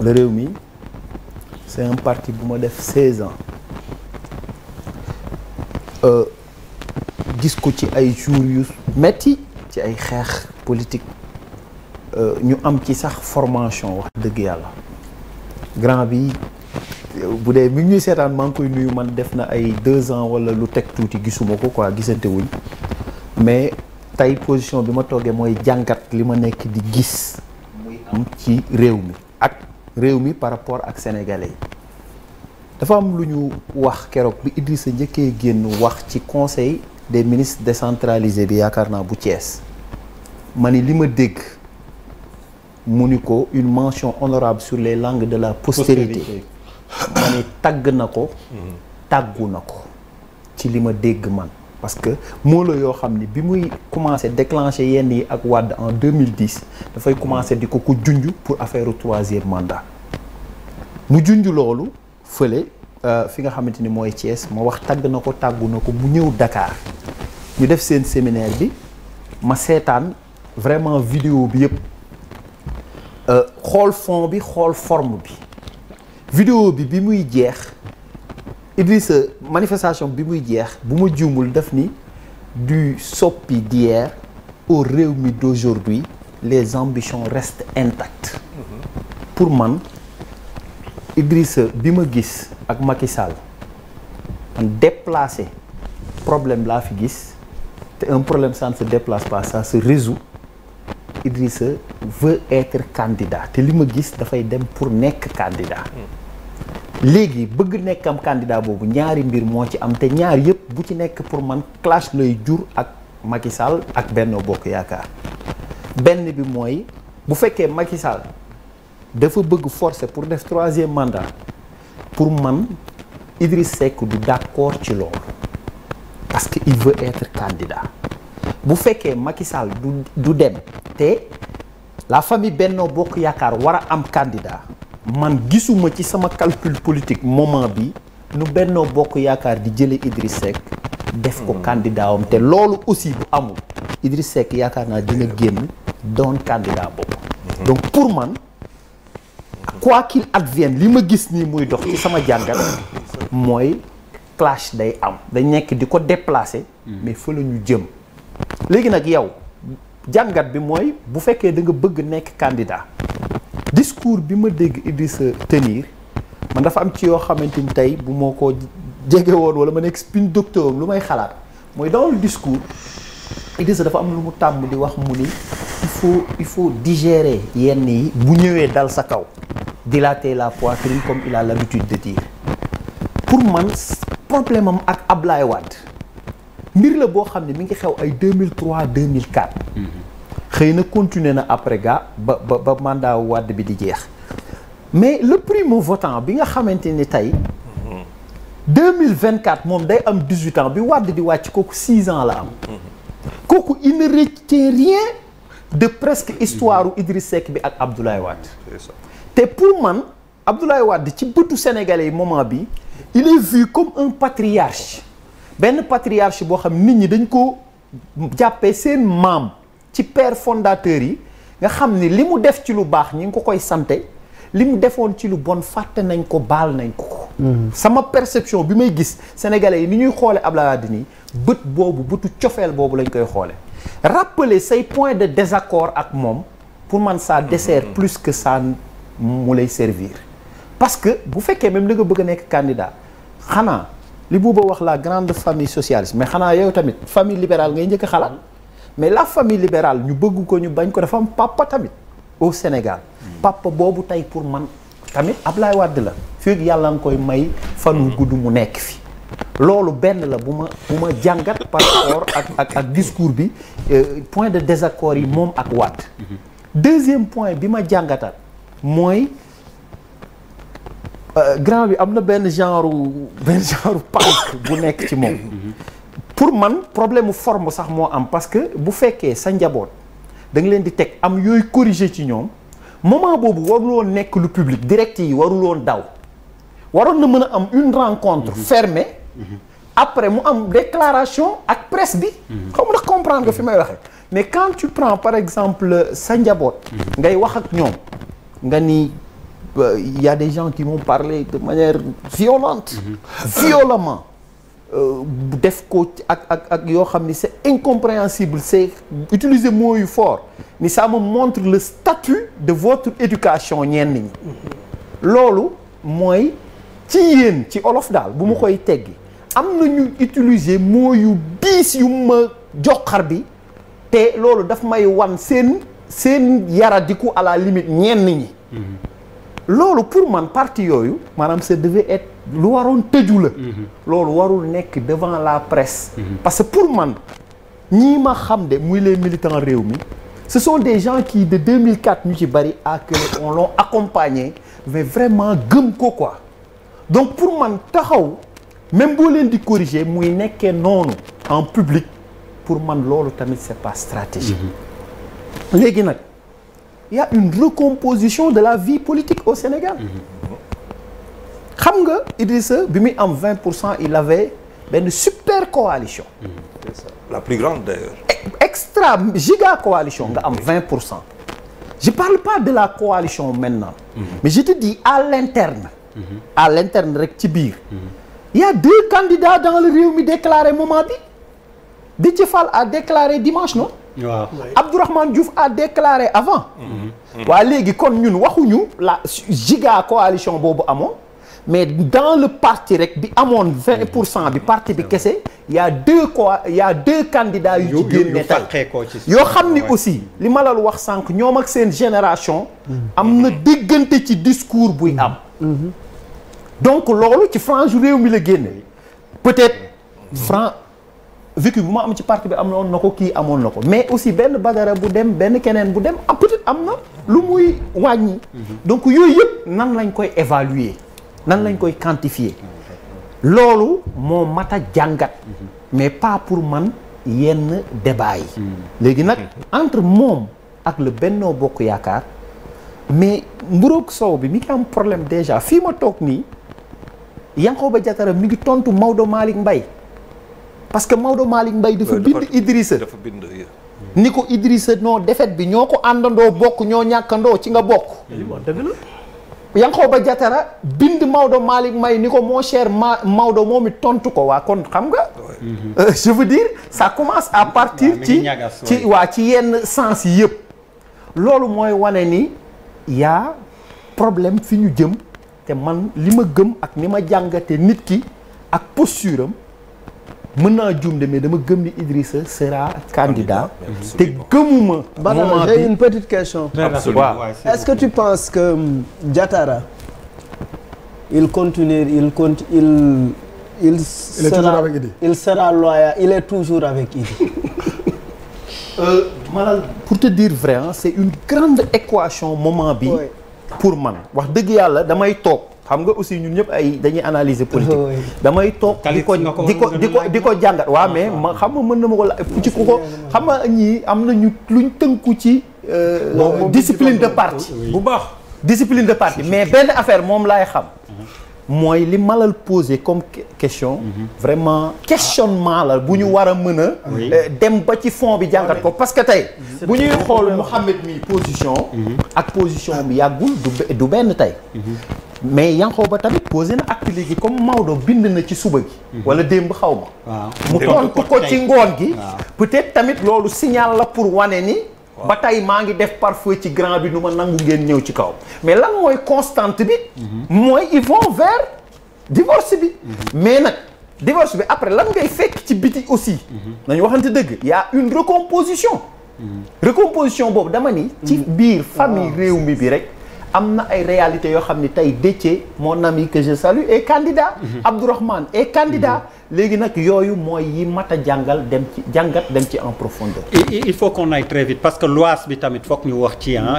la réew mi c'est un parti bu ma def seize ans euh, gis ko ci ay jours yu metti ci ay xeex politique euh, ñu am ci sax formation wax dëgg yàlla grand bi bu dee mi ngi ñuy seetaan maa koy nuyu man def na ay deux ans wala lu teg tuuti gisuma ko quoi gisante wuñ mais tey position bi ma toogee mooy jàngat li ma nekk di gis muy am ci réew mi réew mi par rapport ak sénégalais yi dafa am lu ñu wax keroog bi Idrissa njëkkee génn wax ci conseil des ministres décentralisé bi yaakaar naa bu cees mani ni li ma dégg mu ni ko une mention honorable sur les langues de la postérité ma ni na ko mm-hmm. tàggu na ko ci li dégg man parce que moo la yoo xam ni bi muy commencé déclenché yenn yi ak Wade en 2010 dafay commencé di ko ko junj pour affaire troisième mandat mu junj loolu fële euh, fi nga xamante ni mooy Thiès ma wax tàgg na ko tàggu na ko mu ñëw dakaar ñu def seen séminaire bi ma seetaan vraiment vidéo bi yëpp euh, xool fond bi xool forme bi vidéo bi bi muy jeex Idrissa manifestation bi muy jeex bu ma juumul def ni du soppi d'hier au réew mi d'aujourd'hui les ambitions restent intactes mhm. pour man Idrissa bi ma gis ak Macky Sall problème laa fi gis te un problème ça se déplace pas ça se réseau Idrissa veut être candidat te li ma gis dafay dem pour nekk candidat mhm. léegi bëgg nekk am candidat boobu ñaari mbir moo ci am te ñaar yëpp bu ci nekk pour man clash lay jur ak Macky Sall ak Benno Bokk Yaakaar benn bi mooy bu fekkee Macky dafa bëgg forcer pour def troisième mandat pour man Idriss Seck du d'accord ci loolu parce que il veut être candidat bu fekkee Macky Sall du du dem te la famille Benno Bokk Yaakaar war a am candidat man gisuma ci sama calcul politique moment bi nu Benno Bokk Yaakaar di jële Idriss Seck def ko kandidaawam hmm. te loolu aussi bu amul Idriss Seck yaakaar naa dina génn doon candidat boobu hmm. donc pour man quoi qu'il advienne li ma gis nii muy dox ci sama jàngat mooy clash day am dañ nekk di ko déplacé hmm. mais fa la ñu jëm léegi nag yow jàngat bi mooy bu fekkee da nga bëgg nekk candidat discours bi ma dégg Idrissa tenir man dafa am ci yoo xamante ni tey bu moo ko jege woon wala ma nekk spin docteur lu may xalaat mooy dans le discours sa dafa am lu mu tàmm di wax mu ni il faut il faut digérer yenn yi bu ñëwee dal sa kaw dilater la poitrine comme il a l'habitude de dire pour man problème am ak Ablaye Wade mbir la boo xam ne mi ngi xew ay 2003 2004 xëy na continuer na après ga ba ba ba mandat bi di jeex mais le primo votant bi nga xamante ni tey 2024 moom day am 18 ans bi Wade di wàcc kooku 6 ans la am kooku il ne retient rien de presque histoire u Idriss Seck bi ak Abdoulaye Wade te pour man Abdoulaye Wade ci bëtu sénégalais yi moment bi il est vu comme un patriarche benn patriarche boo xam nit ñi dañ ko jàppee seen maam ci père fondateur yi nga xam ni li mu def ci lu baax ñi ngi ko koy sante li mu defoon ci lu bon fàtte nañ ko baal nañ ko ko mm-hmm. sama perception bi may gis sénégalais yi ni ñuy xoole Abdoulaye Wade nii bët boobu bëtu cofeel boobu lañ koy xoole rappeler say point de désaccord ak moom pour man ça dessert mm plus que ça mu lay servir parce que bu fekkee même da nga bëgg a nekk candidat xanaa li buuba wax la grande famille socialiste mais xanaa yow tamit famille libérale ngay xalaat mais la famille libérale ñu bëgg ko ñu bañ ko dafa am papa tamit au Sénégal papa boobu tey pour man tamit ab Ablaye Wade la fii yàlla nga koy may fan wu gudd mu nekk fi loolu benn la bu ma bu ma jàngat par rapport ak ak ak discours bi euh, point de désaccord yi moom ak Wade deuxième bi ma jàngatal mooy euh, grand bi am na benn genre benn genre pànk bu nekk ci moom pour man problème mu forme sax moo am parce que bu fekkee sa njaboot danga leen di teg am yooyu corriger ci ñoom moment boobu waruloon nekk lu public direct yi waruloon daw waroon na mën a am une rencontre mhm. fermée mhm. après mu am déclaration ak presse bi mhm. xaw ma ndax nga fi may waxee mais quand tu par exemple sa njaboot ngay wax ak ñoom nga ni y a des gens qui m'ont parlé de manière violente violemment Euh, def ko ak ak ak yoo xam ni c'est incompréhensible c'est utiliser mots yu fort ni ça me montre le statut de votre éducation ñenn ñi loolu mooy ci yéen ci olof daal bu ma koy teggi am na ñu utiliser mots yu diis yu ma bi te loolu daf may wan seen seen yaradiku à limite ñenn ñi mm-hmm. loolu pour man parti yooyu maanaam ça devait lu waroon tëju la. Mhm. loolu warul nekk devant la presse. Mhm. parce que pour man ñii ma xam de muy les militants réew mi ce sont des gens qui de 2004 ñu ci bari ak on l'ont accompagné mais vraiment gëm ko quoi donc pour man taxaw même boo leen di corriger muy nekkee noonu en public pour man loolu tamit c'est pas stratégie. Mhm. léegi nag il y a une recomposition de la vie politique au Sénégal. xam nga Idrissa bi muy am 20 pour cent il benn super coalition. Mm. c'est ça la plus grande d'ailleurs. E, extra giga coalition nga am 20 pour cent. je parle pas de la coalition maintenant. Mm-hmm. mais je te dis à l'interne. Mm-hmm. à l'interne rek ci biir. Mm-hmm. il y a deux candidats dans le Rewmi déclaré moment bi. Déthié Fall a déclaré dimanche non. waaw Abdourahmane a déclaré avant. waa léegi kon ñun waxuñu la giga coalition boobu amoon. mais dans le parti rek bi amoon vingt pour cent bi parti bi kese y' a deux quoi y' a deux candidats yu ci génne tey yoo xam ni aussi li ma la wax sànq ñoom ak seen génération mm-hmm. am na déggante ci discours buy am mm-hmm. donc loolu ci frange réew mi la génne peut-être franc vécu bu ma am ci parti bi am na ko kii amoon na ko mais aussi benn bagara bu dem benn keneen bu dem am ah, peut-être am na lu muy wàññi mm-hmm. donc yooyu yëpp nan lañ koy évaluer nan lañ koy quantifier loolu moo mat a jàngat mais pas pour man yenn débat yi hmm. léegi nag entre moom ak la Benno Bokk Yaakaar mais mburoog soow bi mi ngi am problème déjà fii ma toog nii ba Diattara mi ngi tontu Maodo Malick mbay parce que Maodo Malick mbay dafa bind Idrissa dafa bind ni ko Idrissa noo défaite bi ñoo ko àndandoo bokk ñoo ñàkkandoo ci nga bokk Yankhoba Diattara bind Maodo Malick May ni ko moo cher ma Maodo moom it tontu ko waa kon xam nga. sa euh, veux dire commence à partir. ci ci waa ci yenn sens yi yëpp. loolu mooy wane ni yaa problème fi ñu jëm te man li ma gëm ak ni ma jàngate nit ki ak posture mën naa juum de mais dama gëm ni Idrissa sera candidat te gëmuma moment j'ai une petite question est-ce que tu penses que Diatara il continue il continue il il sera il sera loyal il est toujours avec Idi euh, Malal pour te dire vrai c'est une grande équation moment bi pour man wax dëgg yàlla damay toog xam nga aussi ñun ñëpp ay dañuy analyser politique damay toog di ko di ko di ko ko jàngat waa mais ah, ma ah. xam nga mën na ma ko laaj ci ku ko xam nga ñii am nañu luñ tënku ci euh, discipline de parti bu baax discipline de parti mais benn affaire moom laay xam mooy li malal posé comme question mhm. vraiment ah. questionnement la bu ñu war a mën a euh, dem ba ci fond bi jàngat ko parce que tey bu ñuy xool Mouhamed mi position mhm. ak position bi yàggul du benn tey mhm. mais ba tamit posé na acte léegi comme Maodo bind na ci suba gi. Mhm. wala démb xaw ma. mu tontu ko ci ngoon gi. peut-être tamit loolu signal la pour wane ni. ba tey maa ngi def parfois ci grand bi nu ma nangu ngeen ñëw ci kaw. mais lan mooy constante bi. Mhm. mooy ils vont vers divorce bi. Mhm. mais nag divorce bi après lan ngay fekk ci biti aussi. nañu waxante dëgg. yaa a une recomposition. recomposition boobu dama ni. ci biir famille ah, réew mi bi rek. am na ay réalités yoo xam ni tey Déthié mon ami que je salue est candidat mhm. Abdourahmane est candidat mhm. léegi nag yooyu mooy yi mat a jàngal dem ci jàngat dem ci en profondeur il faut qu'on aille très vite parce que loi bi tamit foog ñu wax ci ah